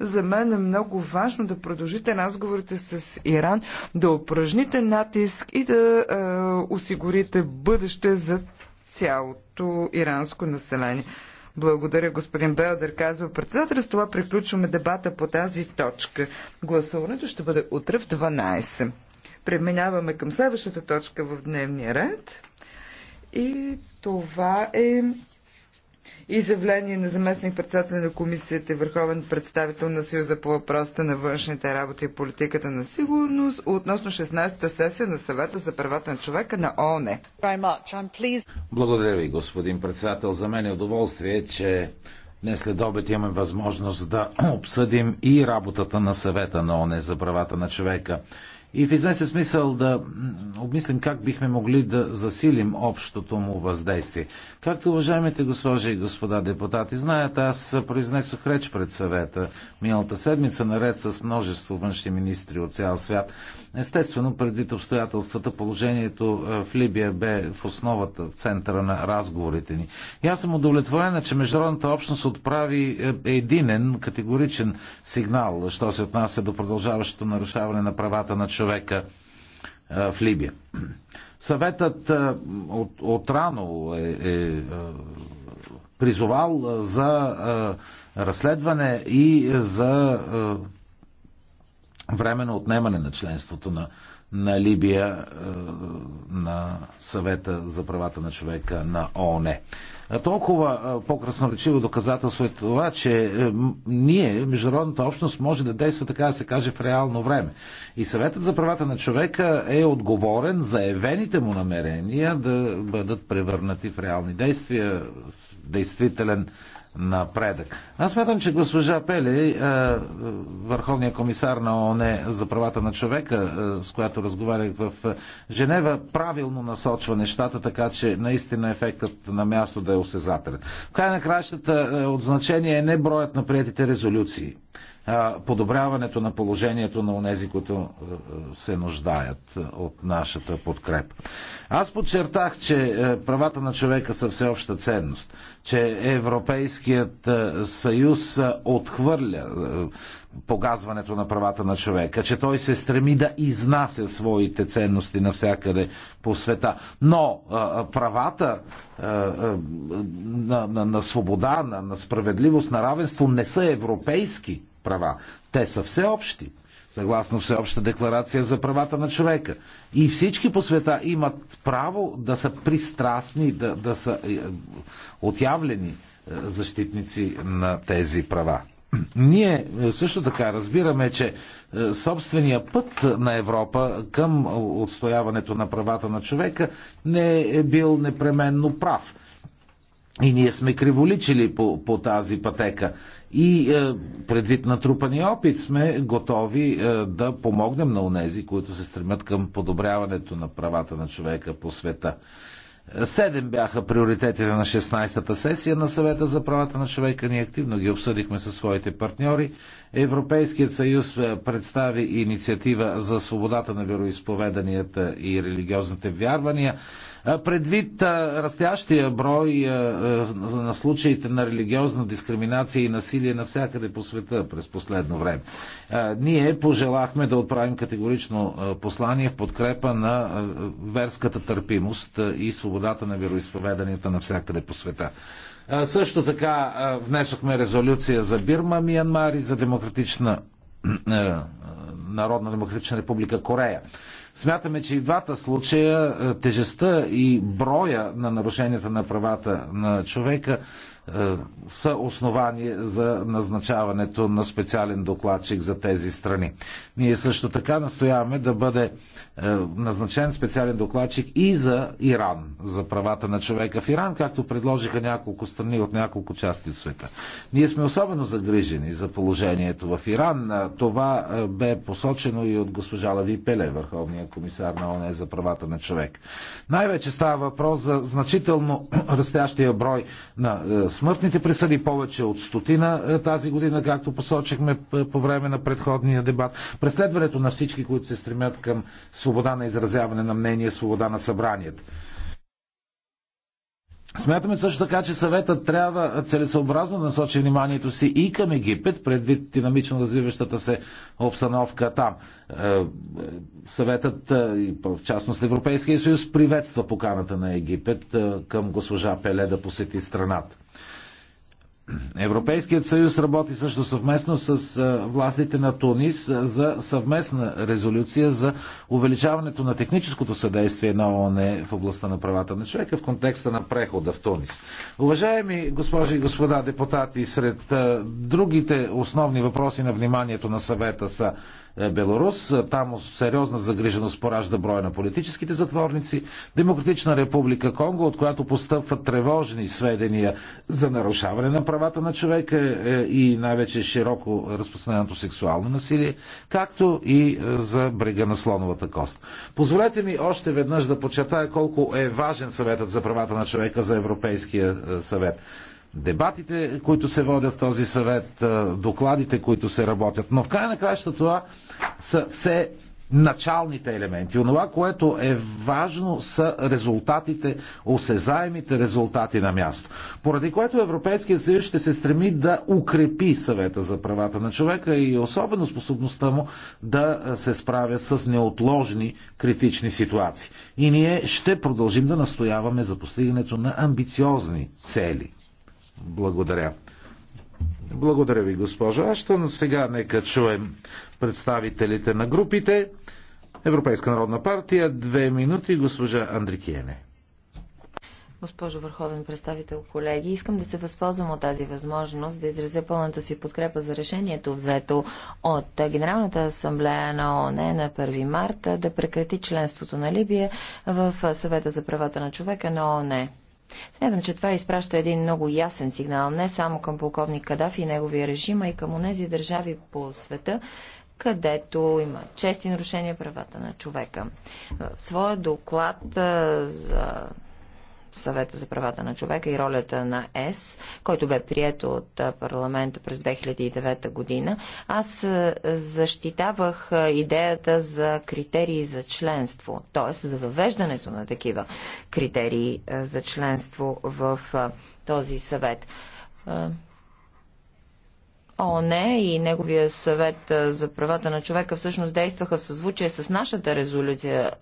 За мен е много важно да продължите разговорите с Иран, да упражните натиск и да е, осигурите бъдеще за цялото иранско население. Благодаря, господин Белдер, казва председател. С това приключваме дебата по тази точка. Гласуването ще бъде утре в 12. Преминаваме към следващата точка в дневния ред. И това е изявление на заместник председател на комисията и върховен представител на Съюза по въпросите на външните работи и политиката на сигурност относно 16-та сесия на съвета за правата на човека на ООН. Благодаря ви, господин председател. За мен е удоволствие, че Днес след обед имаме възможност да обсъдим и работата на съвета на ОНЕ за правата на човека и в известен смисъл да обмислим как бихме могли да засилим общото му въздействие. Както уважаемите госпожи и господа депутати знаят, аз произнесох реч пред съвета миналата седмица, наред с множество външни министри от цял свят. Естествено, предвид обстоятелствата, положението е, в Либия бе в основата, в центъра на разговорите ни. И аз съм удовлетворена, че международната общност отправи е, единен, категоричен сигнал, що се отнася до продължаващото нарушаване на правата на човека човека в Либия. Съветът от, от рано е, е призовал за разследване и за е, временно отнемане на членството на на Либия е, на съвета за правата на човека на ООН. Толкова е, по-красноречиво доказателство е това, че е, ние, международната общност, може да действа, така да се каже, в реално време. И съветът за правата на човека е отговорен за евените му намерения да бъдат превърнати в реални действия, в действителен напредък. Аз смятам, че госпожа Пели, е, върховният комисар на ООН за правата на човека, е, с която разговарях в е, Женева, правилно насочва нещата, така че наистина ефектът на място да е осезателен. В край на краищата от значение е не броят на приятите резолюции, подобряването на положението на онези, които се нуждаят от нашата подкрепа. Аз подчертах, че правата на човека са всеобща ценност, че Европейският съюз отхвърля погазването на правата на човека, че той се стреми да изнася своите ценности навсякъде по света. Но правата на, на, на свобода, на, на справедливост, на равенство не са европейски права. Те са всеобщи, съгласно Всеобща декларация за правата на човека. И всички по света имат право да са пристрастни, да, да са е, отявлени е, защитници на тези права. Ние е, също така разбираме, че собствения път на Европа към отстояването на правата на човека не е бил непременно прав. И ние сме криволичили по, по тази пътека. И е, предвид натрупания опит сме готови е, да помогнем на унези, които се стремят към подобряването на правата на човека по света. Седем бяха приоритетите на 16-та сесия на съвета за правата на човека. Ние активно ги обсъдихме със своите партньори. Европейският съюз е, представи инициатива за свободата на вероисповеданията и религиозните вярвания. Е, предвид е, растящия брой на случаите на религиозна дискриминация и насилие навсякъде по света през последно време, ние пожелахме да отправим категорично послание в подкрепа на верската търпимост и свобода свободата на вероисповеданията навсякъде по света. Също така внесохме резолюция за Бирма, Миянмар и за Демократична Народна Демократична република Корея. Смятаме, че и двата случая е, тежестта и броя на нарушенията на правата на човека е, са основание за назначаването на специален докладчик за тези страни. Ние също така настояваме да бъде е, назначен специален докладчик и за Иран, за правата на човека в Иран, както предложиха няколко страни от няколко части от света. Ние сме особено загрижени за положението в Иран. Това бе посочено и от госпожа Лави Пеле, върховния комисар на ОНЕ за правата на човек. Най-вече става въпрос за значително растящия брой на е, смъртните присъди, повече от стотина е, тази година, както посочихме по време на предходния дебат. Преследването на всички, които се стремят към свобода на изразяване на мнение, свобода на събранието. Смятаме също така, че съветът трябва целесообразно да насочи вниманието си и към Египет, предвид динамично развиващата се обстановка там. Е, е, съветът, е, в частност Европейския съюз, приветства поканата на Египет към госпожа Пеле да посети страната. Европейският съюз работи също съвместно с властите на Тунис за съвместна резолюция за увеличаването на техническото съдействие на ООН в областта на правата на човека в контекста на прехода в Тунис. Уважаеми госпожи и господа депутати, сред другите основни въпроси на вниманието на съвета са е, Беларус. Е, там сериозна загриженост поражда броя на политическите затворници. Демократична република Конго, от която постъпват тревожни сведения за нарушаване на правата на човека е, и най-вече широко разпространеното сексуално насилие, както и за брега на слоновата кост. Позволете ми още веднъж да подчертая колко е важен съветът за правата на човека за Европейския съвет дебатите, които се водят в този съвет, докладите, които се работят. Но в край на краща това са все началните елементи. Онова, което е важно са резултатите, осезаемите резултати на място. Поради което Европейският съюз ще се стреми да укрепи съвета за правата на човека и особено способността му да се справя с неотложни критични ситуации. И ние ще продължим да настояваме за постигането на амбициозни цели. Благодаря. Благодаря ви, госпожо Аштън. Сега нека чуем представителите на групите. Европейска народна партия, две минути, госпожа Андрикиене. Госпожо Върховен представител, колеги, искам да се възползвам от тази възможност да изразя пълната си подкрепа за решението, взето от Генералната асамблея на ООН на 1 марта да прекрати членството на Либия в съвета за правата на човека на ООН. Смятам, че това изпраща един много ясен сигнал не само към полковник Кадафи и неговия режим, а и към онези държави по света, където има чести нарушения правата на човека. В своя доклад за съвета за правата на човека и ролята на ЕС, който бе прият от парламента през 2009 година, аз защитавах идеята за критерии за членство, т.е. за въвеждането на такива критерии за членство в този съвет. ООН и неговия съвет за правата на човека всъщност действаха в съзвучие с нашата резолюция,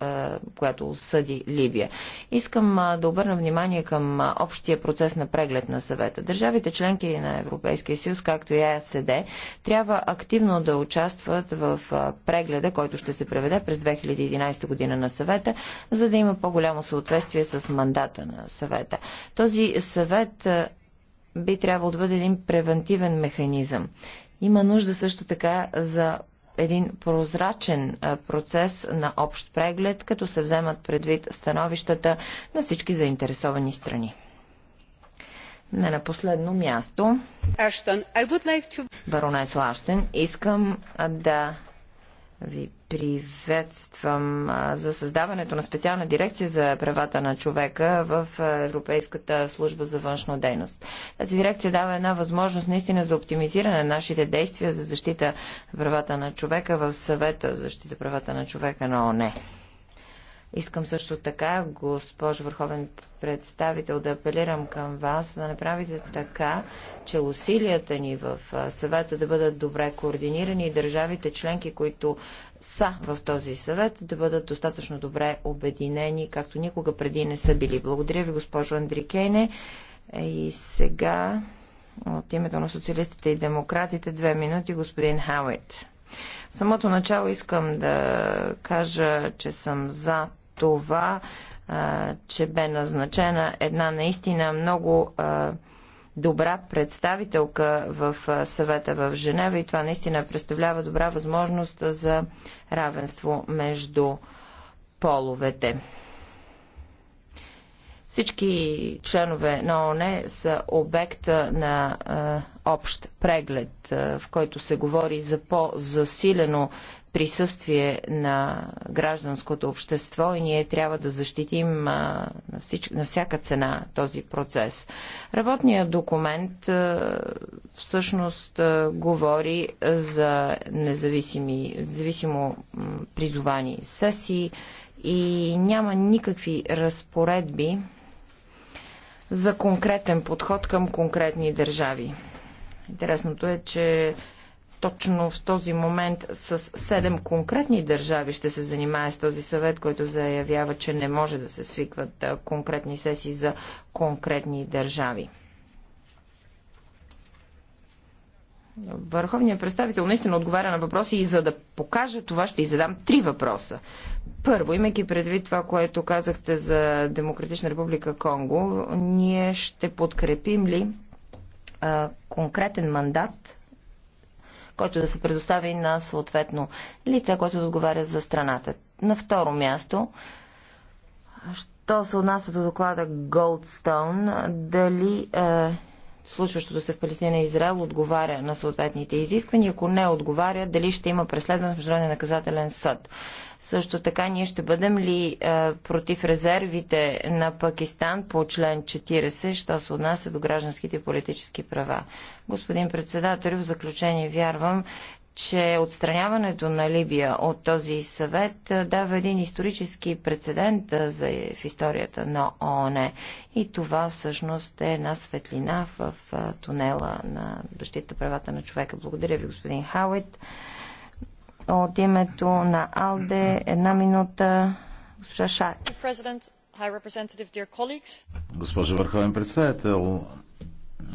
която осъди Либия. Искам да обърна внимание към общия процес на преглед на съвета. Държавите членки на Европейския съюз, както и ЕСД, трябва активно да участват в прегледа, който ще се преведе през 2011 година на съвета, за да има по-голямо съответствие с мандата на съвета. Този съвет би трябвало да бъде един превентивен механизъм. Има нужда също така за един прозрачен процес на общ преглед, като се вземат предвид становищата на всички заинтересовани страни. Не на последно място. Аштън, like to... Баронес искам да ви приветствам за създаването на специална дирекция за правата на човека в Европейската служба за външна дейност. Тази дирекция дава една възможност наистина за оптимизиране на нашите действия за защита правата на човека в съвета за защита правата на човека на ОНЕ. Искам също така, госпожо Върховен представител, да апелирам към вас да направите така, че усилията ни в съвета да бъдат добре координирани и държавите членки, които са в този съвет, да бъдат достатъчно добре обединени, както никога преди не са били. Благодаря ви, госпожо Андрикейне. И сега от името на социалистите и демократите две минути господин Хауит. В самото начало искам да кажа, че съм за това, че бе назначена една наистина много добра представителка в съвета в Женева и това наистина представлява добра възможност за равенство между половете. Всички членове на ООН са обект на общ преглед, в който се говори за по-засилено присъствие на гражданското общество и ние трябва да защитим на, всич... на всяка цена този процес. Работният документ всъщност говори за независими, независимо призовани сесии и няма никакви разпоредби за конкретен подход към конкретни държави. Интересното е, че точно в този момент с седем конкретни държави ще се занимае с този съвет, който заявява, че не може да се свикват конкретни сесии за конкретни държави. Върховният представител наистина отговаря на въпроси и за да покажа това ще издам задам три въпроса. Първо, имайки предвид това, което казахте за Демократична република Конго, ние ще подкрепим ли а, конкретен мандат който да се предостави на съответно лице, което да отговаря за страната. На второ място, що се отнася до доклада Goldstone, дали е, случващото се в Палестина и Израел отговаря на съответните изисквания. Ако не отговаря, дали ще има преследване в Международния наказателен съд. Също така ние ще бъдем ли е, против резервите на Пакистан по член 40, що се отнася до гражданските и политически права. Господин председател, в заключение вярвам, че отстраняването на Либия от този съвет дава един исторически прецедент за, в историята на ООН. И това всъщност е една светлина в тунела на защита правата на човека. Благодаря ви, господин Хауит. От името на АЛДЕ една минута госпожа Шак. Госпожо Върховен представител,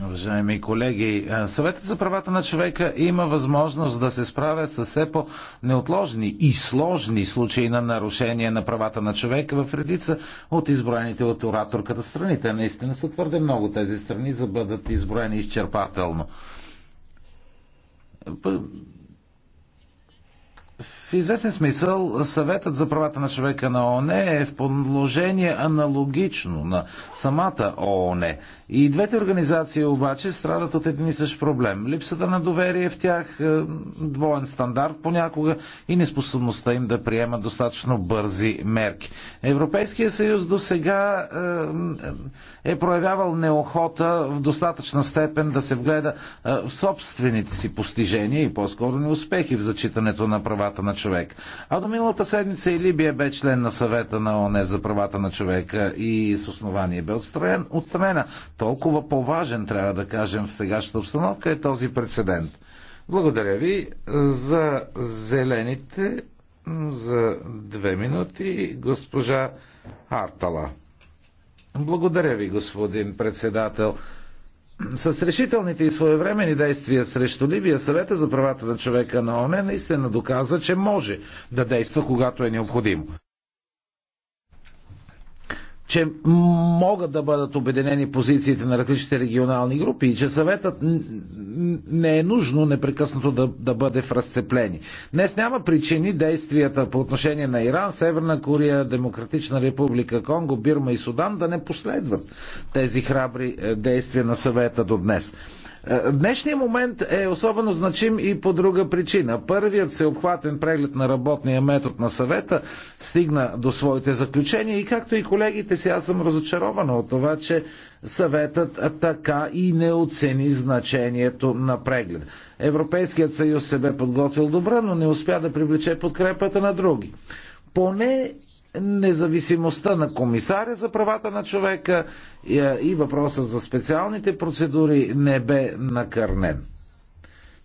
Уважаеми колеги, Съветът за правата на човека има възможност да се справя с все по-неотложни и сложни случаи на нарушение на правата на човека в редица от изброените от ораторката страни. Те наистина са твърде много тези страни, за да бъдат изброени изчерпателно в известен смисъл съветът за правата на човека на ООН е в положение аналогично на самата ООН. И двете организации обаче страдат от един и същ проблем. Липсата на доверие в тях, е, двоен стандарт понякога и неспособността им да приемат достатъчно бързи мерки. Европейския съюз до сега е, е проявявал неохота в достатъчна степен да се вгледа е, в собствените си постижения и по-скоро неуспехи в зачитането на правата на човека човек. А до миналата седмица и Либия бе член на съвета на ОНЕ за правата на човека и с основание бе отстранен, отстранена. Толкова по-важен, трябва да кажем, в сегашната обстановка е този прецедент. Благодаря ви за зелените за две минути госпожа Артала. Благодаря ви, господин председател. С решителните и своевремени действия срещу Либия, съвета за правата на човека на ОНЕ наистина доказва, че може да действа, когато е необходимо че могат да бъдат обединени позициите на различните регионални групи и че съветът не е нужно непрекъснато да, да бъде в разцеплени. Днес няма причини действията по отношение на Иран, Северна Корея, Демократична република Конго, Бирма и Судан да не последват тези храбри е, действия на съвета до днес. Е, днешният момент е особено значим и по друга причина. Първият всеобхватен преглед на работния метод на съвета стигна до своите заключения и както и колегите си, аз съм разочарована от това, че съветът така и не оцени значението на преглед. Европейският съюз се бе подготвил добре, но не успя да привлече подкрепата на други. Поне независимостта на комисаря за правата на човека и въпроса за специалните процедури не бе накърнен.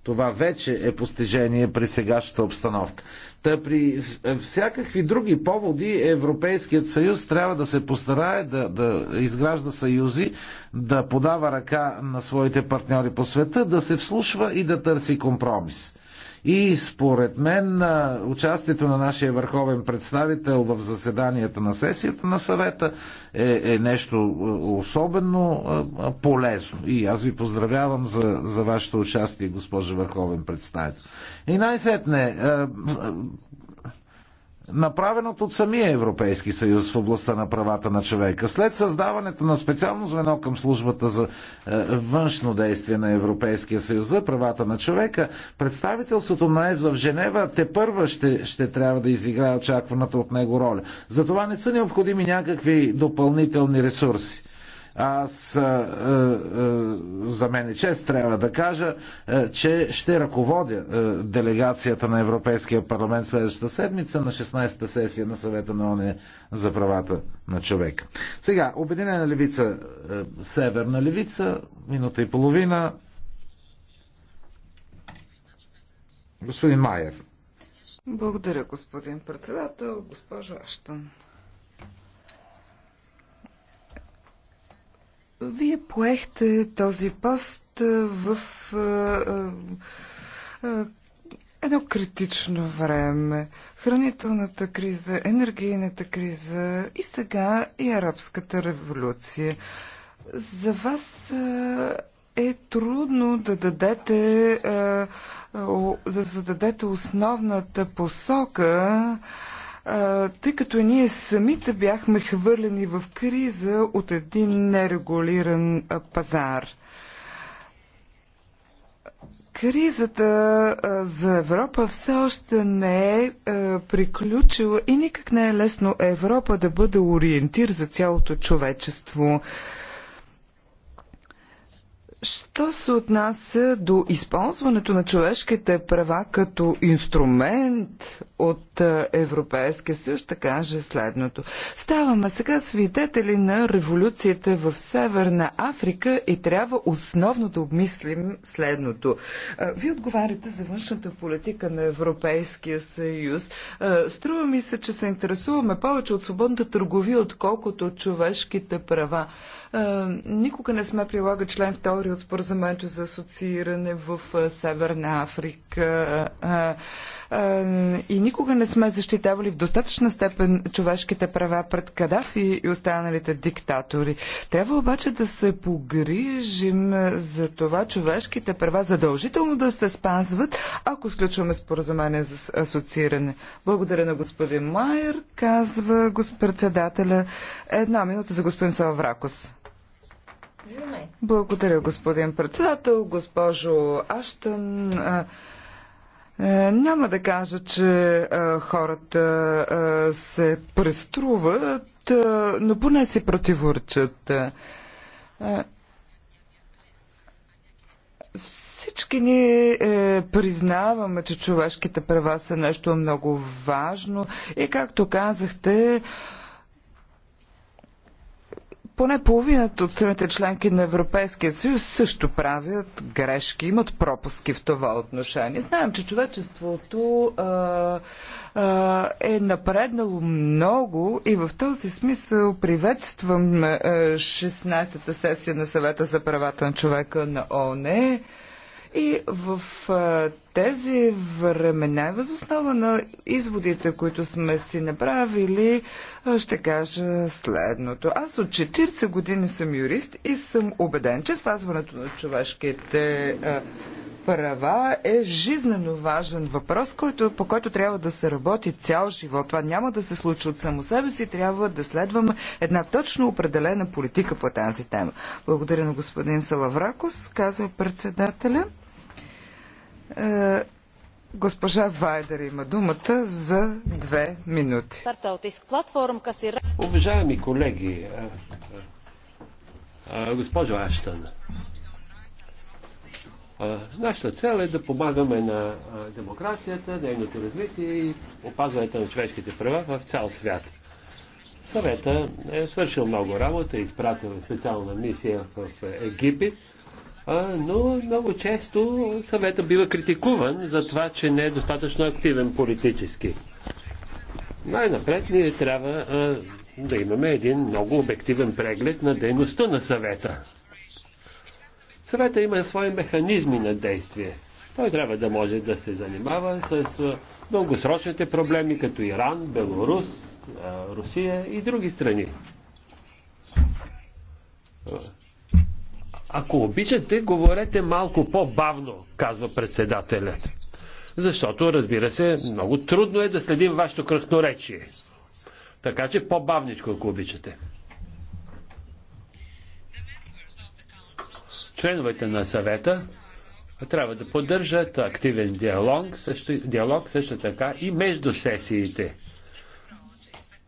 Това вече е постижение при сегашната обстановка. Та при всякакви други поводи Европейският съюз трябва да се постарае да, да изгражда съюзи, да подава ръка на своите партньори по света, да се вслушва и да търси компромис. И според мен участието на нашия върховен представител в заседанията на сесията на съвета е, е нещо особено полезно. И аз ви поздравявам за, за вашето участие, госпожа върховен представител. И най-сетне, направеното от самия Европейски съюз в областта на правата на човека. След създаването на специално звено към службата за е, външно действие на Европейския съюз за правата на човека, представителството на ЕС в Женева те първа ще, ще трябва да изиграе очакваната от него роля. Затова не са необходими някакви допълнителни ресурси. Аз е, е, е, за мен е чест, трябва да кажа, че ще ръководя делегацията на Европейския парламент следващата седмица на 16-та сесия на съвета на ОНЕ за правата на човека. Сега, Обединена левица, Северна левица, минута и половина. Господин Майер. Благодаря, господин председател, госпожо Аштън. Вие поехте този пост в едно критично време. Хранителната криза, енергийната криза и сега и арабската революция. За вас е трудно да дадете, да зададете основната посока тъй като ние самите бяхме хвърлени в криза от един нерегулиран пазар. Кризата за Европа все още не е приключила и никак не е лесно Европа да бъде ориентир за цялото човечество. Що се отнася до използването на човешките права като инструмент от Европейския съюз ще каже следното. Ставаме сега свидетели на революцията в Северна Африка и трябва основно да обмислим следното. Вие отговаряте за външната политика на Европейския съюз. Струва ми се, че се интересуваме повече от свободната търговия, отколкото от човешките права. Никога не сме прилага член 2 от споразумението за асоцииране в Северна Африка и никога не сме защитавали в достатъчна степен човешките права пред Кадафи и останалите диктатори. Трябва обаче да се погрижим е, за това човешките права задължително да се спазват, ако сключваме споразумение за асоцииране. Благодаря на господин Майер, казва председателя. Една минута за господин Савракос. Благодаря, господин председател, госпожо Аштън. Е, е, няма да кажа, че е, хората е, се преструват, но поне си противоречат. Всички ние е, признаваме, че човешките права са нещо много важно и, както казахте, поне половината от страните членки на Европейския съюз също правят грешки, имат пропуски в това отношение. Знаем, че човечеството а, а, е напреднало много и в този смисъл приветствам 16-та сесия на съвета за правата на човека на ОНЕ. И в тези времена, възоснова на изводите, които сме си направили, ще кажа следното. Аз от 40 години съм юрист и съм убеден, че спазването на човешките права е жизненно важен въпрос, който, по който трябва да се работи цял живот. Това няма да се случи от само себе си, трябва да следваме една точно определена политика по тази тема. Благодаря на господин Салавракос, казва председателя. Госпожа Вайдер има думата за две минути. Уважаеми колеги, госпожо Аштан, нашата цел е да помагаме на демокрацията, нейното развитие и опазването на човешките права в цял свят. Съвета е свършил много работа, изпратил е специална мисия в Египет но много често съвета бива критикуван за това, че не е достатъчно активен политически. Най-напред ние трябва а, да имаме един много обективен преглед на дейността на съвета. Съвета има свои механизми на действие. Той трябва да може да се занимава с а, дългосрочните проблеми, като Иран, Белорус, а, Русия и други страни. Ако обичате, говорете малко по-бавно, казва председателят. Защото, разбира се, много трудно е да следим вашето речи. Така че по-бавничко, ако обичате. Членовете на съвета трябва да поддържат активен диалог също, диалог също така и между сесиите.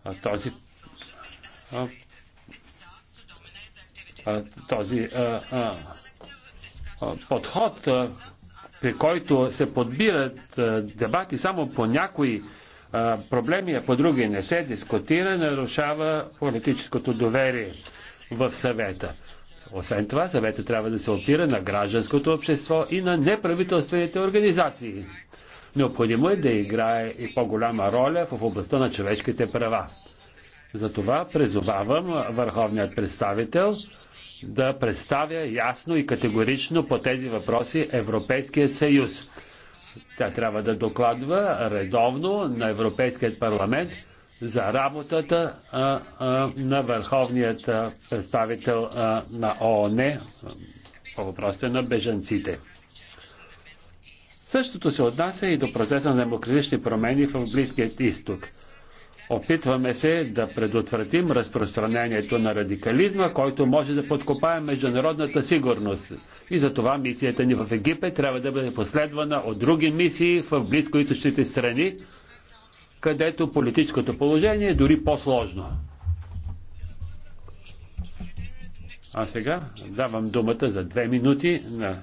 А този този подход, при който се подбират дебати само по някои проблеми, а по други не се дискутира, нарушава политическото доверие в съвета. Освен това, съветът трябва да се опира на гражданското общество и на неправителствените организации. Необходимо е да играе и по-голяма роля в областта на човешките права. Затова призовавам върховният представител да представя ясно и категорично по тези въпроси Европейският съюз. Тя трябва да докладва редовно на Европейският парламент за работата а, а, на върховният представител а, на ООН по въпросите на бежанците. Същото се отнася и до процеса на демократични промени в Близкият изток. Опитваме се да предотвратим разпространението на радикализма, който може да подкопае международната сигурност. И за това мисията ни в Египет трябва да бъде последвана от други мисии в близкоиточните страни, където политическото положение е дори по-сложно. А сега давам думата за две минути на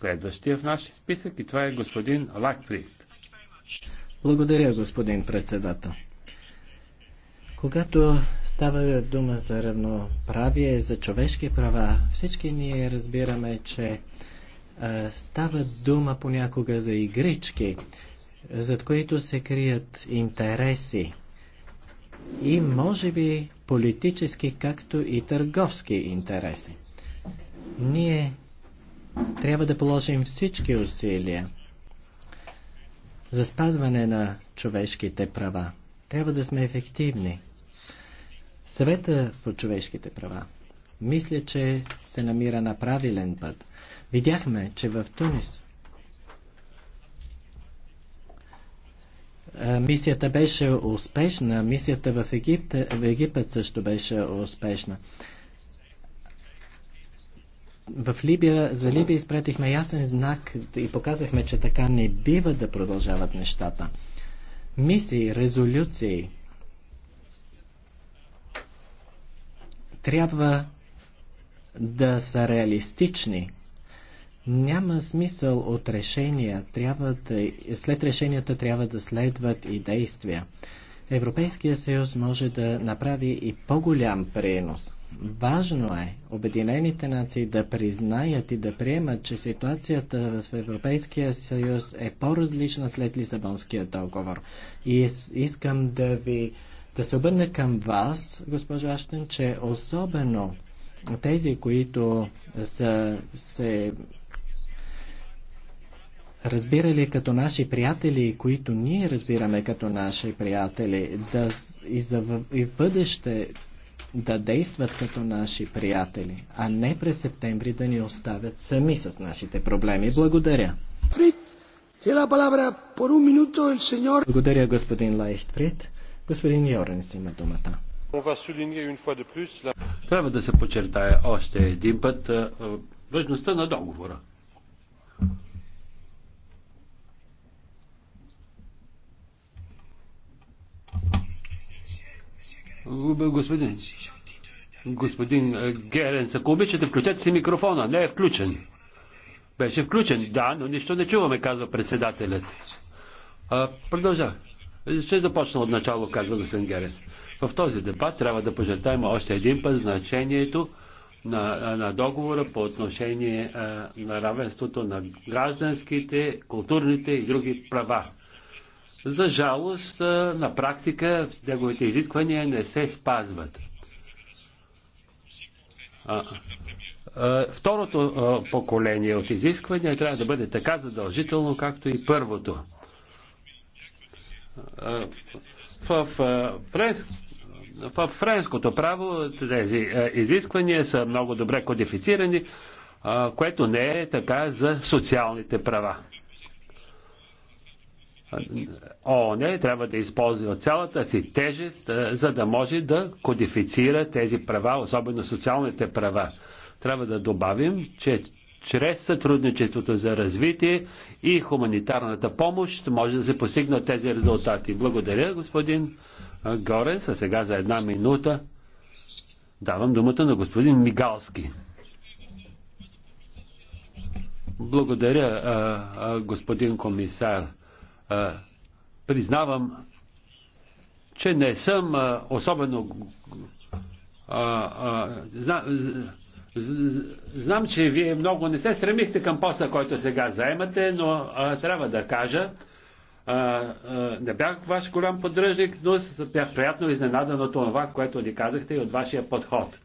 следващия в нашия списък и това е господин Лакприт. Благодаря, господин председател. Когато става дума за равноправие, за човешки права, всички ние разбираме, че а, става дума понякога за игрички, зад които се крият интереси и може би политически, както и търговски интереси. Ние трябва да положим всички усилия за спазване на човешките права. Трябва да сме ефективни. Съвета по човешките права. Мисля, че се намира на правилен път. Видяхме, че в Тунис мисията беше успешна, мисията в Египет, в Египет също беше успешна в Либия, за Либия изпратихме ясен знак и показахме, че така не бива да продължават нещата. Мисии, резолюции трябва да са реалистични. Няма смисъл от решения. Трябва да, след решенията трябва да следват и действия. Европейския съюз може да направи и по-голям пренос – Важно е Обединените нации да признаят и да приемат, че ситуацията в Европейския съюз е по-различна след Лисабонския договор. И искам да ви да се обърна към вас, госпожо Аштен, че особено тези, които са се разбирали като наши приятели, които ние разбираме като наши приятели, да и, за, и в бъдеще да действат като наши приятели, а не през септември да ни оставят сами с нашите проблеми. Благодаря. Благодаря, господин Лайхтфрид. Господин Йоренс има думата. Трябва да се подчертая още един път важността на договора. Господин, господин е, Геренс, ако обичате, включете си микрофона. Не е включен. Беше включен, да, но нищо не чуваме, казва председателят. А, продължа. Ще започна от начало, казва господин Герен. В този дебат трябва да пожертаем още един път значението на, на договора по отношение а, е, на равенството на гражданските, културните и други права. За жалост, на практика неговите изисквания не се спазват. А, а, второто а, поколение от изисквания трябва да бъде така задължително, както и първото. В, френс, в френското право тези изисквания са много добре кодифицирани, което не е така за социалните права. ООН трябва да използва цялата си тежест, за да може да кодифицира тези права, особено социалните права. Трябва да добавим, че чрез сътрудничеството за развитие и хуманитарната помощ може да се постигнат тези резултати. Благодаря, господин Горен. А сега за една минута давам думата на господин Мигалски. Благодаря, господин комисар признавам, че не съм особено. Знам, че вие много не се стремихте към поста, който сега заемате, но а, трябва да кажа, а, а, не бях ваш голям поддръжник, но бях приятно изненадан от това, което ни казахте и от вашия подход.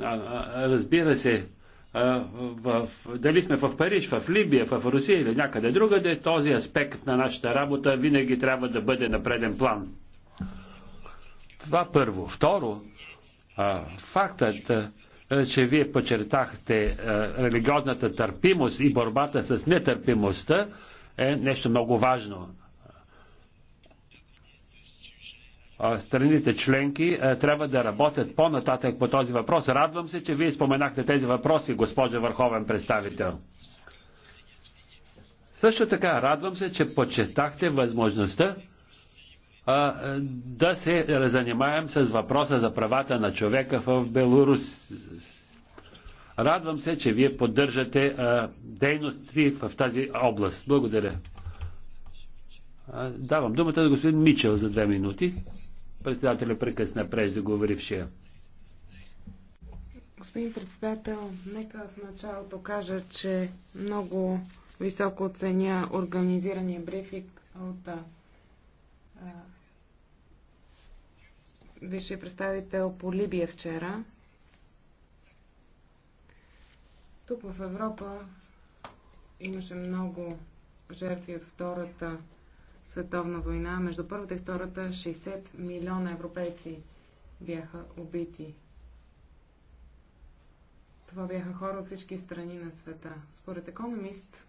А, а, разбира се, в, дали сме в Париж, в Либия, в Русия или някъде другаде, този аспект на нашата работа винаги трябва да бъде на преден план. Това първо. Второ, фактът, че вие подчертахте религиозната търпимост и борбата с нетърпимостта е нещо много важно. страните членки трябва да работят по-нататък по този въпрос. Радвам се, че вие споменахте тези въпроси, госпожа Върховен представител. Също така, радвам се, че почетахте възможността а, да се занимаем с въпроса за правата на човека в Белорус. Радвам се, че вие поддържате а, дейности в тази област. Благодаря. А, давам думата на господин Мичел за две минути. Председателя прекъсна преждеговорившия. Господин председател, нека в началото кажа, че много високо оценя организирания брифинг от а, висшия представител по Либия вчера. Тук в Европа имаше много жертви от втората световна война, между първата и втората 60 милиона европейци бяха убити. Това бяха хора от всички страни на света. Според економист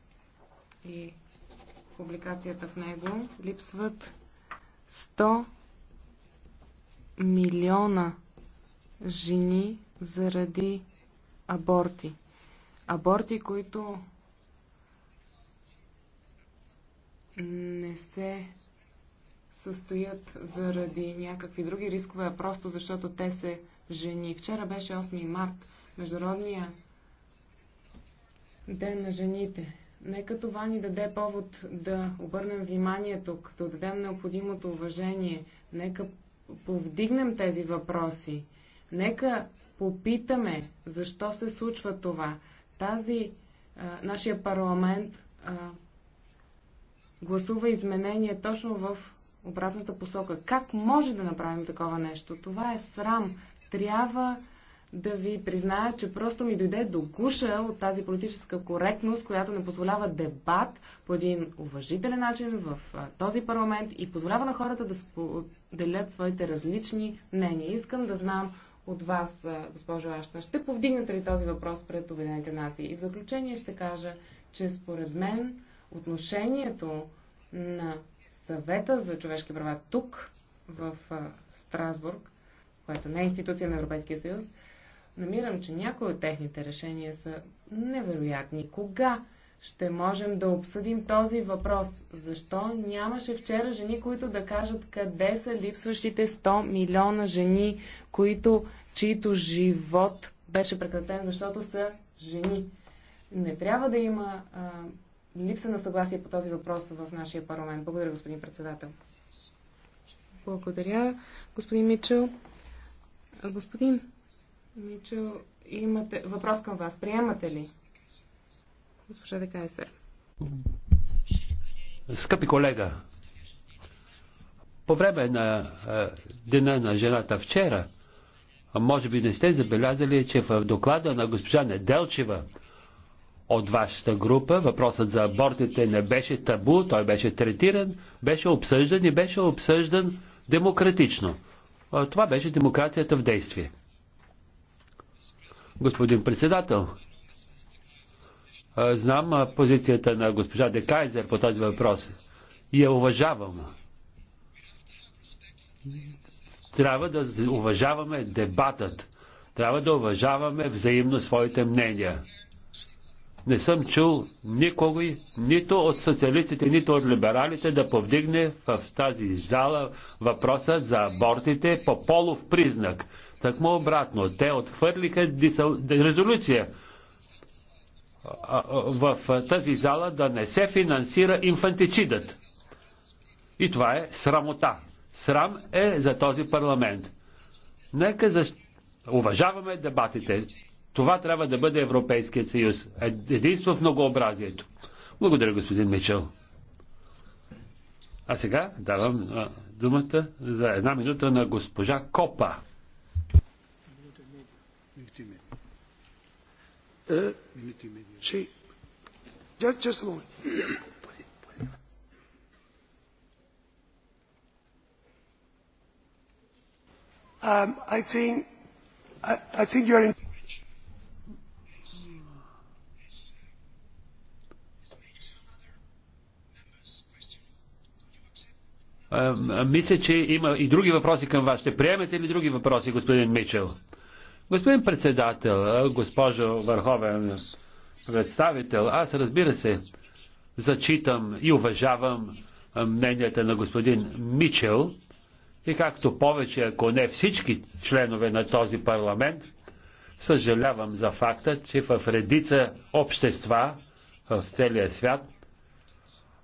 и публикацията в него липсват 100 милиона жени заради аборти. Аборти, които не се състоят заради някакви други рискове, а просто защото те се жени. Вчера беше 8 март, Международния ден на жените. Нека това ни даде повод да обърнем вниманието, като дадем необходимото уважение. Нека повдигнем тези въпроси. Нека попитаме защо се случва това. Тази, а, нашия парламент а, гласува изменение точно в обратната посока. Как може да направим такова нещо? Това е срам. Трябва да ви призная, че просто ми дойде до гуша от тази политическа коректност, която не позволява дебат по един уважителен начин в този парламент и позволява на хората да споделят своите различни мнения. Искам да знам от вас, госпожо Ашта, ще повдигнете ли този въпрос пред Обединените нации? И в заключение ще кажа, че според мен отношението на съвета за човешки права тук, в Страсбург, което не е институция на Европейския съюз, намирам, че някои от техните решения са невероятни. Кога ще можем да обсъдим този въпрос? Защо нямаше вчера жени, които да кажат къде са липсващите 100 милиона жени, които, чието живот беше прекратен, защото са жени? Не трябва да има а, липса на съгласие по този въпрос в нашия парламент. Благодаря, господин председател. Благодаря, господин Мичел. Господин Мичел, имате въпрос към вас. Приемате ли? Госпожа Декайсер. Скъпи колега, по време на е, Дена на жената вчера, може би не сте забелязали, че в доклада на госпожа Неделчева от вашата група. Въпросът за абортите не беше табу, той беше третиран, беше обсъждан и беше обсъждан демократично. Това беше демокрацията в действие. Господин председател, знам позицията на госпожа Декайзер по този въпрос и я уважавам. Трябва да уважаваме дебатът. Трябва да уважаваме взаимно своите мнения. Не съм чул никого, нито от социалистите, нито от либералите да повдигне в тази зала въпроса за абортите по полов признак. му обратно, те отхвърлиха резолюция в тази зала да не се финансира инфантицидът. И това е срамота. Срам е за този парламент. Нека за... уважаваме дебатите. Това трябва да бъде Европейският съюз. Единство в многообразието. Благодаря, господин Мичел. А сега давам а, думата за една минута на госпожа Копа. Um, I think, I, I think you're in... мисля, че има и други въпроси към вас. Ще приемете ли други въпроси, господин Мичел? Господин председател, госпожо върховен представител, аз разбира се, зачитам и уважавам мненията на господин Мичел и както повече, ако не всички членове на този парламент, съжалявам за факта, че в редица общества в целия свят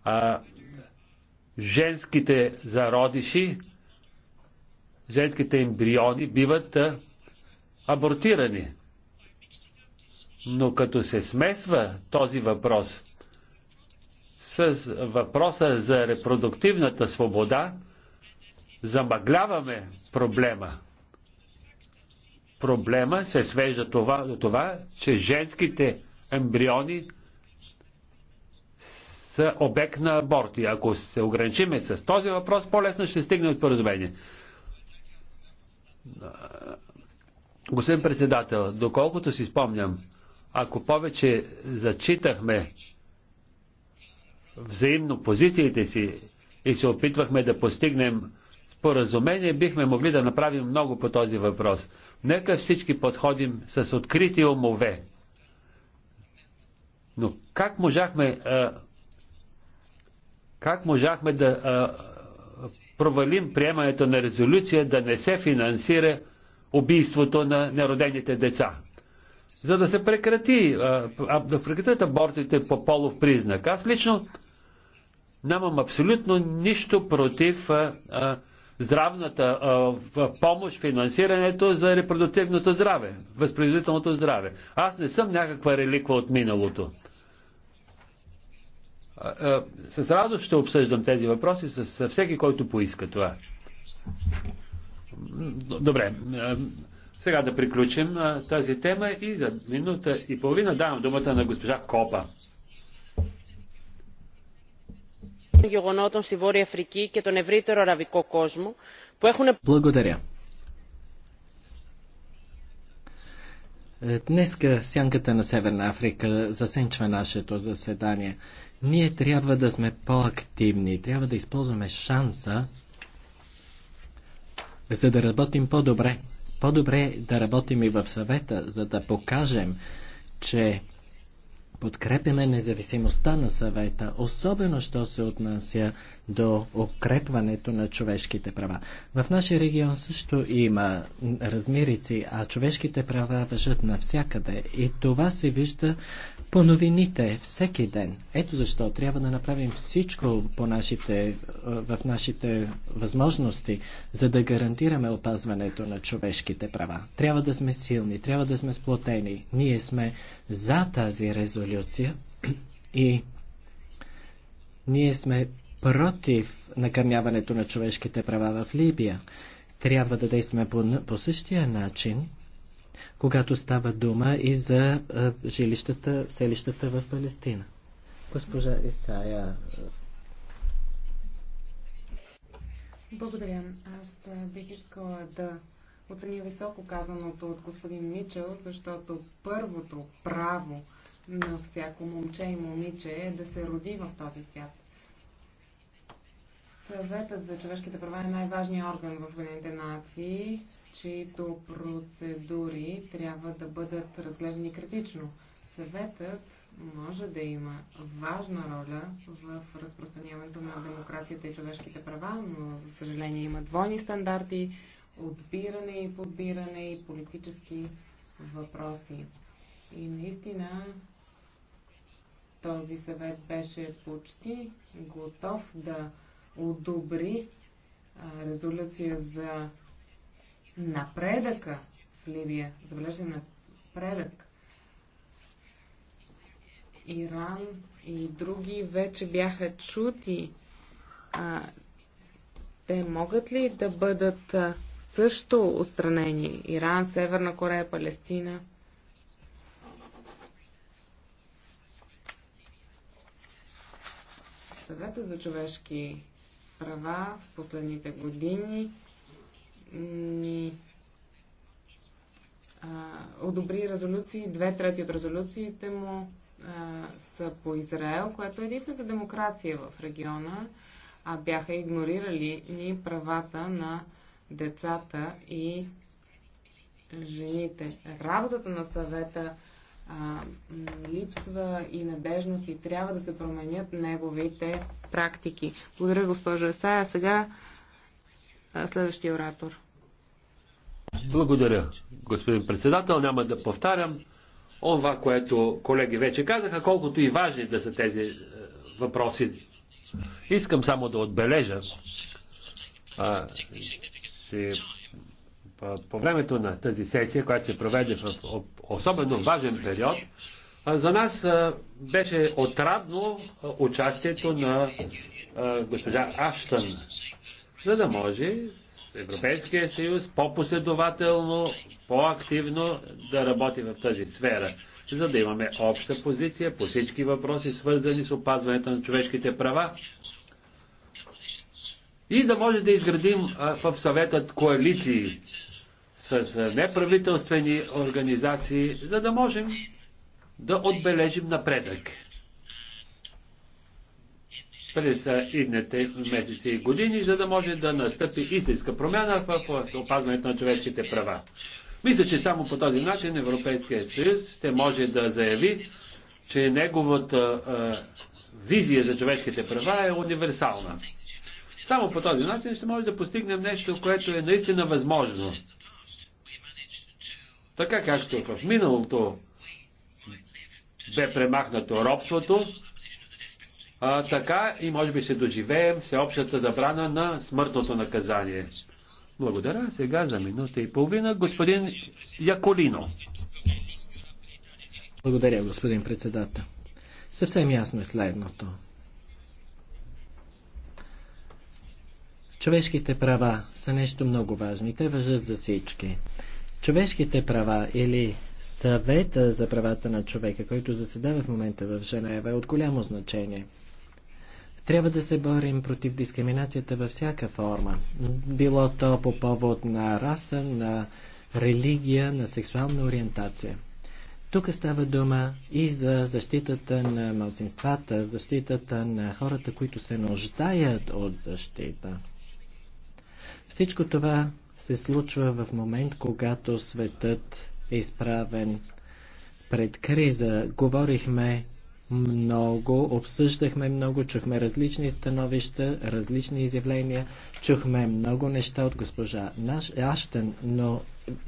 а, женските зародиши, женските ембриони биват абортирани. Но като се смесва този въпрос с въпроса за репродуктивната свобода, замъгляваме проблема. Проблема се свежда това, до това, че женските ембриони са обект на аборти. Ако се ограничиме с този въпрос, по-лесно ще стигне от споразумение. Господин председател, доколкото си спомням, ако повече зачитахме взаимно позициите си и се опитвахме да постигнем споразумение, бихме могли да направим много по този въпрос. Нека всички подходим с открити умове. Но как можахме а, как можахме да а, провалим приемането на резолюция да не се финансира убийството на неродените деца? За да се прекрати, а, да прекратят абортите по полов признак. Аз лично нямам абсолютно нищо против а, а, здравната а, помощ, финансирането за репродуктивното здраве, възпроизводителното здраве. Аз не съм някаква реликва от миналото. С радост ще обсъждам тези въпроси с всеки, който поиска това. Добре. Сега да приключим тази тема и за минута и половина давам думата на госпожа Копа. Благодаря. Днеска сянката на Северна Африка засенчва нашето заседание. Ние трябва да сме по-активни, трябва да използваме шанса, за да работим по-добре. По-добре е да работим и в съвета, за да покажем, че Подкрепяме независимостта на съвета, особено що се отнася до укрепването на човешките права. В нашия регион също има размерици, а човешките права въжат навсякъде. И това се вижда по новините всеки ден. Ето защо трябва да направим всичко по нашите, в нашите възможности, за да гарантираме опазването на човешките права. Трябва да сме силни, трябва да сме сплотени. Ние сме за тази резолюция революция и ние сме против накърняването на човешките права в Либия. Трябва да действаме по, по същия начин, когато става дума и за а, жилищата, селищата в Палестина. Госпожа Исая. Благодаря. Аз бих искала да Оцени високо казаното от господин Мичел, защото първото право на всяко момче и момиче е да се роди в този свят. Съветът за човешките права е най-важният орган в Обединените нации, чието процедури трябва да бъдат разглеждани критично. Съветът може да има важна роля в разпространяването на демокрацията и човешките права, но за съжаление има двойни стандарти, отбиране и подбиране и политически въпроси. И наистина този съвет беше почти готов да одобри а, резолюция за напредъка в Ливия, забележен напредък. Иран и други вече бяха чути. А, те могат ли да бъдат а, също отстранени. Иран, Северна Корея, Палестина. Съвета за човешки права в последните години ни одобри резолюции, две трети от резолюциите му а, са по Израел, което е единствената демокрация в региона, а бяха игнорирали ни правата на децата и жените. Работата на съвета а, липсва и надежност и трябва да се променят неговите практики. Благодаря, госпожо Есая. Сега а, следващия оратор. Благодаря, господин председател. Няма да повтарям това, което колеги вече казаха, колкото и важни да са тези е, въпроси. Искам само да отбележа, а, че по времето на тази сесия, която се проведе в особено важен период, за нас беше отрадно участието на госпожа Аштън, за да може Европейския съюз по-последователно, по-активно да работи в тази сфера, за да имаме обща позиция по всички въпроси, свързани с опазването на човешките права и да може да изградим в съветът коалиции с неправителствени организации, за да можем да отбележим напредък. През идните месеци и години, за да може да настъпи истинска промяна в опазването на човешките права. Мисля, че само по този начин Европейския съюз ще може да заяви, че неговата а, визия за човешките права е универсална. Само по този начин ще може да постигнем нещо, което е наистина възможно. Така както в миналото бе премахнато робството, а, така и може би ще доживеем всеобщата забрана на смъртното наказание. Благодаря. Сега за минута и половина господин Яколино. Благодаря, господин председател. Съвсем ясно е следното. Човешките права са нещо много важно те въжат за всички. Човешките права или съвета за правата на човека, който заседава в момента в Женева, е от голямо значение. Трябва да се борим против дискриминацията във всяка форма. Било то по повод на раса, на религия, на сексуална ориентация. Тук става дума и за защитата на малцинствата, защитата на хората, които се нуждаят от защита. Всичко това се случва в момент, когато светът е изправен пред криза. Говорихме много, обсъждахме много, чухме различни становища, различни изявления, чухме много неща от госпожа Наш, Аштен, но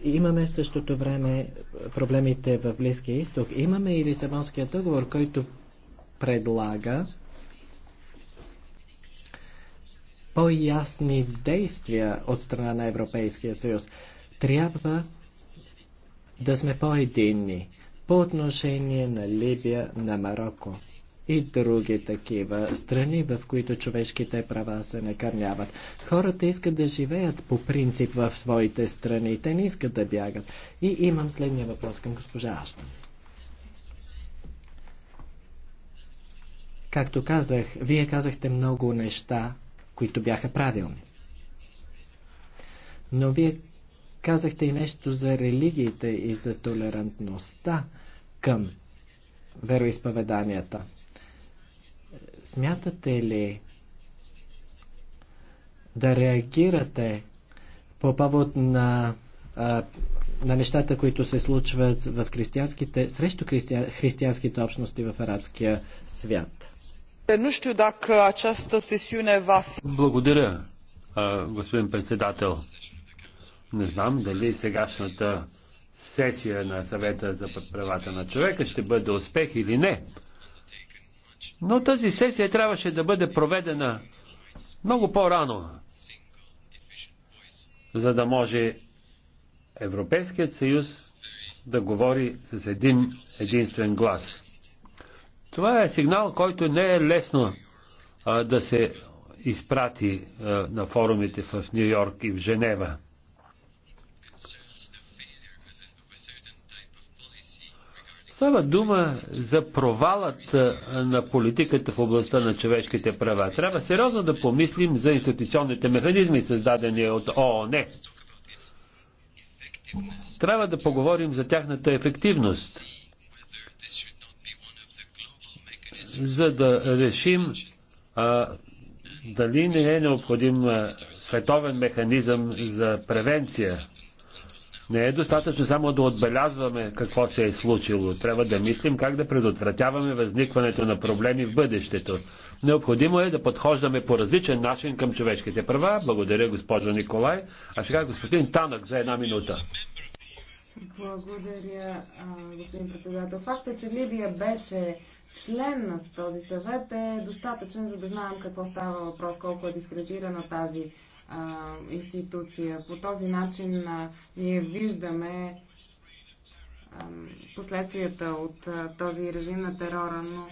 имаме същото време проблемите в Близкия изток. Имаме и Лисабонския договор, който предлага по-ясни действия от страна на Европейския съюз. Трябва да сме по-единни по отношение на Либия, на Марокко и други такива страни, в които човешките права се накърняват. Хората искат да живеят по принцип в своите страни. Те не искат да бягат. И имам следния въпрос към госпожа Аштан. Както казах, вие казахте много неща които бяха правилни. Но вие казахте и нещо за религиите и за толерантността към вероисповеданията. Смятате ли да реагирате по повод на, на нещата, които се случват в християнските, срещу християнските общности в арабския свят? Благодаря, господин председател. Не знам дали сегашната сесия на съвета за правата на човека ще бъде успех или не. Но тази сесия трябваше да бъде проведена много по-рано, за да може Европейският съюз да говори с един единствен глас. Това е сигнал, който не е лесно а, да се изпрати а, на форумите в Нью Йорк и в Женева. Става дума за провалът на политиката в областта на човешките права. Трябва сериозно да помислим за институционните механизми, създадени от ООН. Трябва да поговорим за тяхната ефективност. за да решим а, дали не е необходим световен механизъм за превенция. Не е достатъчно само да отбелязваме какво се е случило. Трябва да мислим как да предотвратяваме възникването на проблеми в бъдещето. Необходимо е да подхождаме по различен начин към човешките права. Благодаря, госпожо Николай. А сега господин Танък за една минута. Благодаря, господин председател. Факта, че Либия беше член на този съвет е достатъчен, за да знаем какво става въпрос, колко е дискредирана тази а, институция. По този начин а, ние виждаме а, последствията от а, този режим на терора, но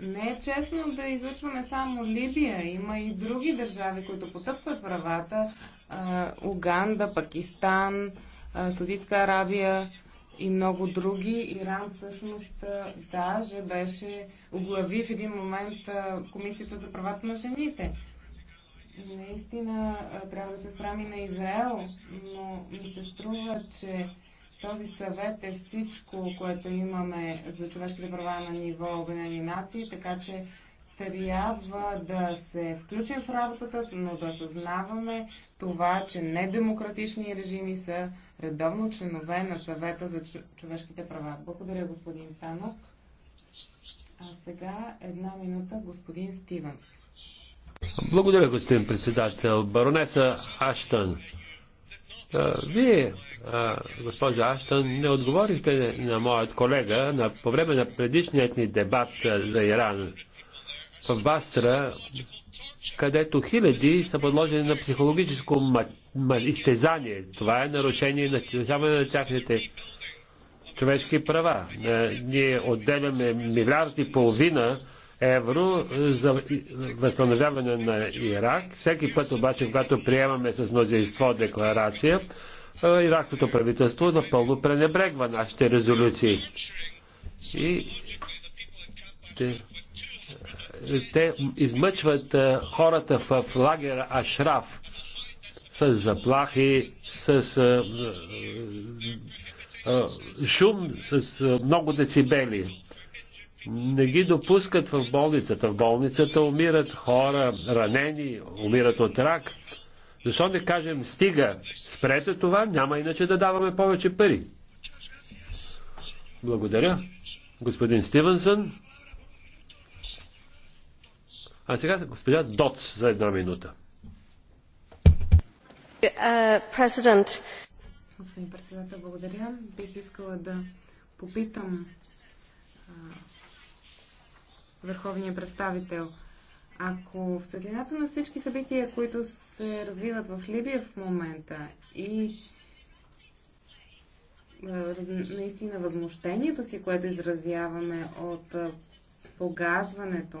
не е честно да излъчваме само Либия. Има и други държави, които потъпват правата. А, Уганда, Пакистан, а, Судитска Арабия и много други. Иран всъщност даже беше оглави в един момент Комисията за правата на жените. Наистина трябва да се справи на Израел, но ми се струва, че този съвет е всичко, което имаме за човешките права на ниво Обединени нации, така че трябва да се включим в работата, но да съзнаваме това, че недемократични режими са редовно членове на съвета за човешките права. Благодаря, господин Танок. А сега една минута, господин Стивенс. Благодаря, господин председател. Баронеса Аштън. Вие, госпожо Аштън, не отговорихте на моят колега на, по време на предишният ни дебат за Иран в Бастра, където хиляди са подложени на психологическо изтезание. Това е нарушение на, нарушаване на тяхните човешки права. Е, ние отделяме милиард и половина евро за възстановяване на Ирак. Всеки път обаче, когато приемаме с мнозинство декларация, е, иракското правителство напълно пренебрегва нашите резолюции. И те, е, те измъчват хората в лагера Ашраф, с заплахи, с а, а, шум, с а, много децибели. Не ги допускат в болницата. В болницата умират хора, ранени, умират от рак. Защо не кажем стига, спрете това, няма иначе да даваме повече пари. Благодаря. Господин Стивенсън. А сега госпожа Доц за една минута uh, Господин председател, благодаря. Бих искала да попитам върховния представител. Ако в светлината на всички събития, които се развиват в Либия в момента и наистина възмущението си, което изразяваме от а, погазването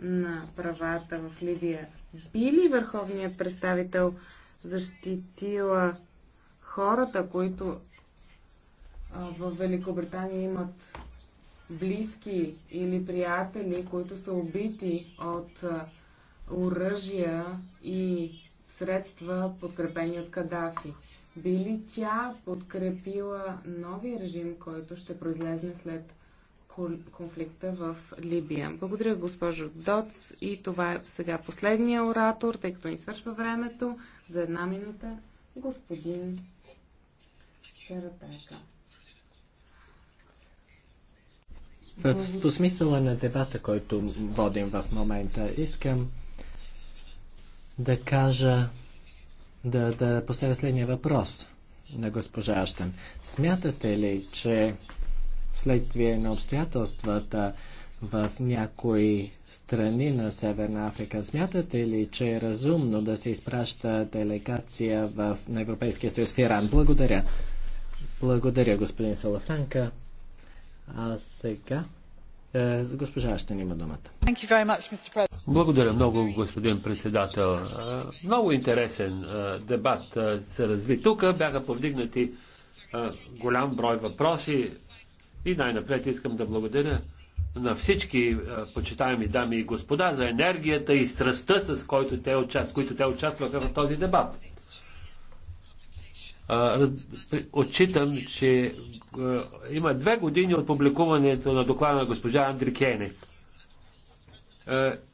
на правата в Ливия, би ли върховният представител защитила хората, които в Великобритания имат близки или приятели, които са убити от оръжия и средства, подкрепени от Кадафи. Би ли тя подкрепила новия режим, който ще произлезне след конфликта в Либия. Благодаря, госпожо Доц. И това е сега последния оратор, тъй като ни свършва времето. За една минута господин Саратака. В, по смисъла на дебата, който водим в момента, искам да кажа, да, да поставя следния въпрос на госпожа Аштен. Смятате ли, че вследствие на обстоятелствата в някои страни на Северна Африка. Смятате ли, че е разумно да се изпраща делегация в, на Европейския съюз в Иран? Благодаря. Благодаря, господин Салафранка. А сега е, госпожа ще има думата. Благодаря много, господин председател. Е, много интересен е, дебат е, се разви тук. Бяха повдигнати голям брой въпроси и най-напред искам да благодаря на всички е, почитаеми дами и господа за енергията и страстта, с който те участ... които те участваха в този дебат. Е, отчитам, че е, има две години от публикуването на доклада на госпожа Андрикене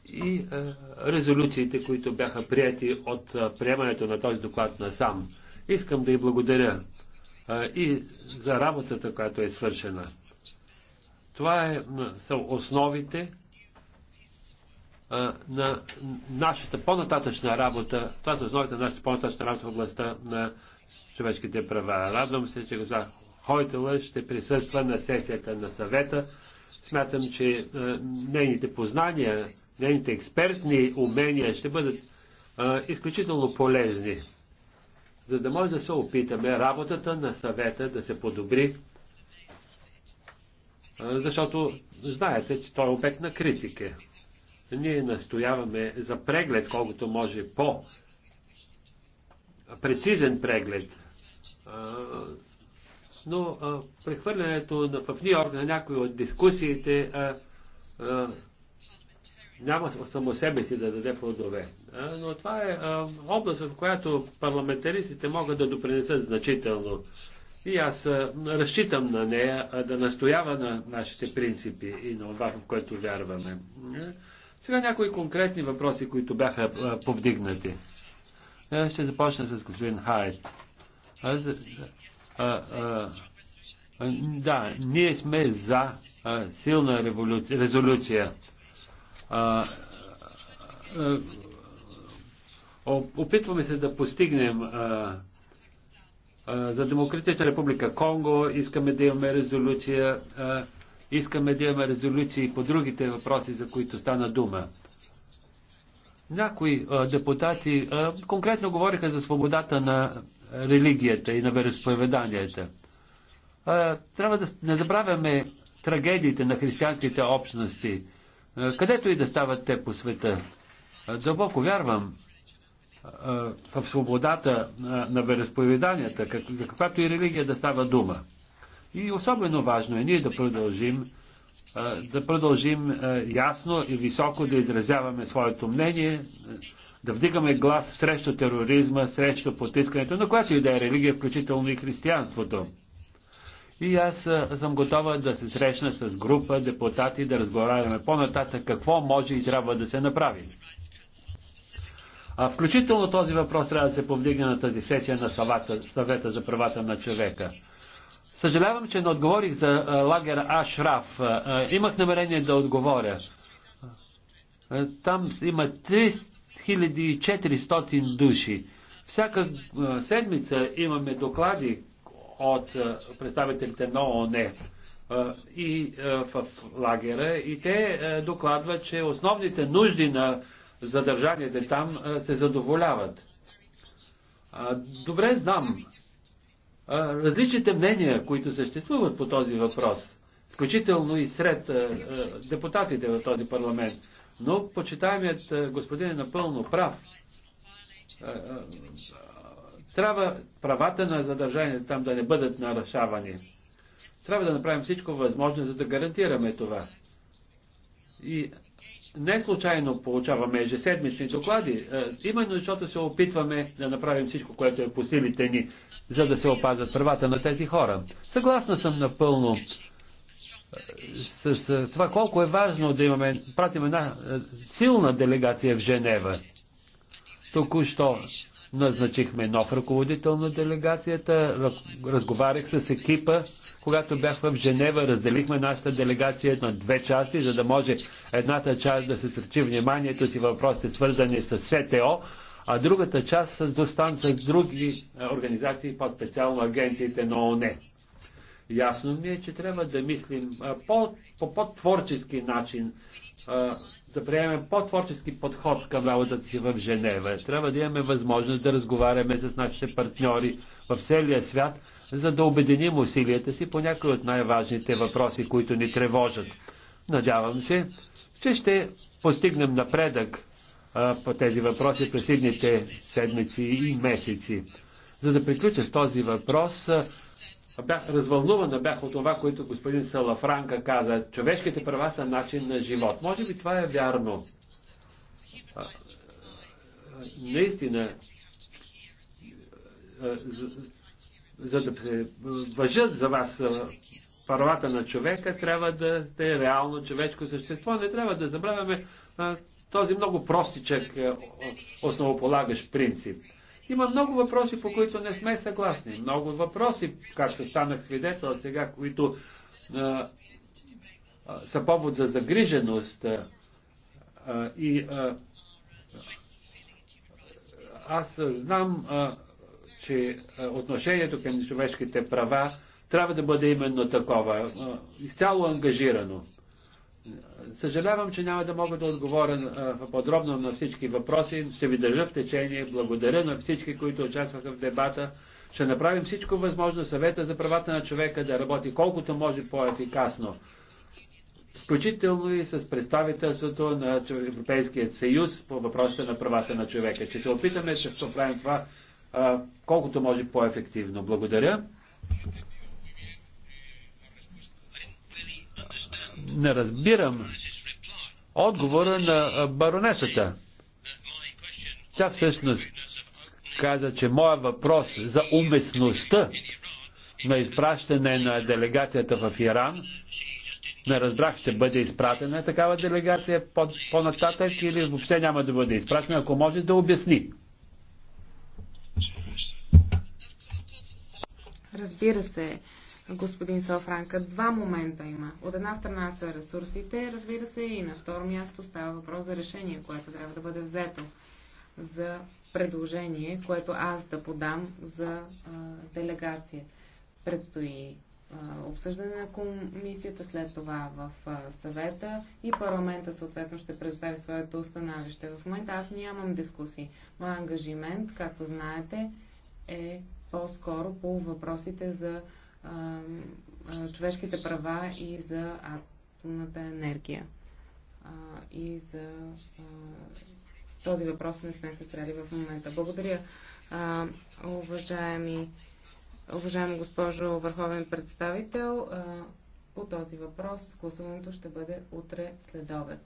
и резолюциите, които бяха прияти от приемането на този доклад на сам. Искам да й благодаря и за работата, която е свършена. Това е, са основите а, на нашата по-нататъчна работа. Това са основите на нашата по-нататъчна работа в областта на човешките права. Радвам се, че госпожа Хойтела ще присъства на сесията на съвета. Смятам, че а, нейните познания, нейните експертни умения ще бъдат а, изключително полезни, за да може да се опитаме работата на съвета да се подобри защото знаете, че той е обект на критика. Ние настояваме за преглед, колкото може по прецизен преглед. Но прехвърлянето в Нью Йорк на някои от дискусиите няма само себе си да даде плодове. Но това е област, в която парламентаристите могат да допринесат значително. И аз разчитам на нея да настоява на нашите принципи и на това, в което вярваме. Е. Сега някои конкретни въпроси, които бяха повдигнати. Е, ще започна с господин Хайт. Да, ние сме за силна революция, резолюция. Опитваме се да постигнем за Демократична република Конго искаме да имаме резолюция, искаме да имаме резолюции по другите въпроси, за които стана дума. Някои депутати конкретно говориха за свободата на религията и на вероисповеданията. Трябва да не забравяме трагедиите на християнските общности, където и да стават те по света. Дълбоко вярвам, в свободата на вероисповеданията, за каквато и религия да става дума. И особено важно е ние да продължим да продължим ясно и високо да изразяваме своето мнение, да вдигаме глас срещу тероризма, срещу потискането, на която и да е религия, включително и християнството. И аз съм готова да се срещна с група депутати, да разговаряме по-нататък какво може и трябва да се направи. А включително този въпрос трябва да се повдигне на тази сесия на съвета, съвета за правата на човека. Съжалявам, че не отговорих за лагера Ашраф. Имах намерение да отговоря. Там има 3400 души. Всяка седмица имаме доклади от представителите на ОНЕ и в лагера и те докладват, че основните нужди на задържаните там се задоволяват. Добре знам различните мнения, които съществуват по този въпрос, включително и сред депутатите в този парламент. Но почитаемият господин е напълно прав. Трябва правата на задържаните там да не бъдат нарушавани. Трябва да направим всичко възможно, за да гарантираме това. И не случайно получаваме ежеседмични доклади, е, именно защото се опитваме да направим всичко, което е по силите ни, за да се опазят правата на тези хора. Съгласна съм напълно е, с, с това колко е важно да имаме, пратим една е, силна делегация в Женева. Току-що Назначихме нов ръководител на делегацията, разговарях с екипа, когато бях в Женева, разделихме нашата делегация на две части, за да може едната част да се сърчи вниманието си въпросите свързани с СТО, а другата част с достанца с други е, организации, по-специално агенциите на ОНЕ. Ясно ми е, че трябва да мислим по, по по-творчески начин, да приемем по-творчески подход към работата си в Женева. Трябва да имаме възможност да разговаряме с нашите партньори в целия свят, за да обединим усилията си по някои от най-важните въпроси, които ни тревожат. Надявам се, че ще постигнем напредък по тези въпроси през следните седмици и месеци. За да приключа с този въпрос, бях развълнувана бях от това, което господин Салафранка каза. Човешките права са начин на живот. Може би това е вярно. Наистина, за, за да се въжат за вас правата на човека, трябва да сте реално човешко същество. Не трябва да забравяме този много простичък основополагащ принцип. Има много въпроси, по които не сме съгласни. Много въпроси, както станах свидетел сега, които а, а, са повод за загриженост. А, и а, аз знам, а, че отношението към човешките права трябва да бъде именно такова, изцяло ангажирано. Съжалявам, че няма да мога да отговоря подробно на всички въпроси. Ще ви държа в течение. Благодаря на всички, които участваха в дебата. Ще направим всичко възможно съвета за правата на човека да работи колкото може по-ефикасно. Включително и с представителството на Европейския съюз по въпросите на правата на човека. Ще се опитаме, ще направим това колкото може по-ефективно. Благодаря. не разбирам отговора на баронесата. Тя всъщност каза, че моя въпрос за уместността на изпращане на делегацията в Иран, не разбрах, ще бъде изпратена такава делегация по-нататък или въобще няма да бъде изпратена, ако може да обясни. Разбира се, господин Салфранка. Два момента има. От една страна са ресурсите, разбира се, и на второ място става въпрос за решение, което трябва да бъде взето за предложение, което аз да подам за а, делегация. Предстои а, обсъждане на комисията, след това в а, съвета и парламента съответно ще предостави своето становище. В момента аз нямам дискусии. Моя ангажимент, както знаете, е по-скоро по въпросите за човешките права и за атомната енергия. А, и за а, този въпрос не сме се спряли в момента. Благодаря, а, уважаеми, уважаема госпожо Върховен представител. А, по този въпрос гласуването ще бъде утре след обед.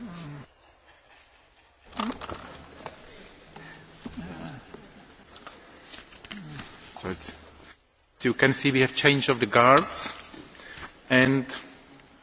Mm. But you can see, we have changed of the guards and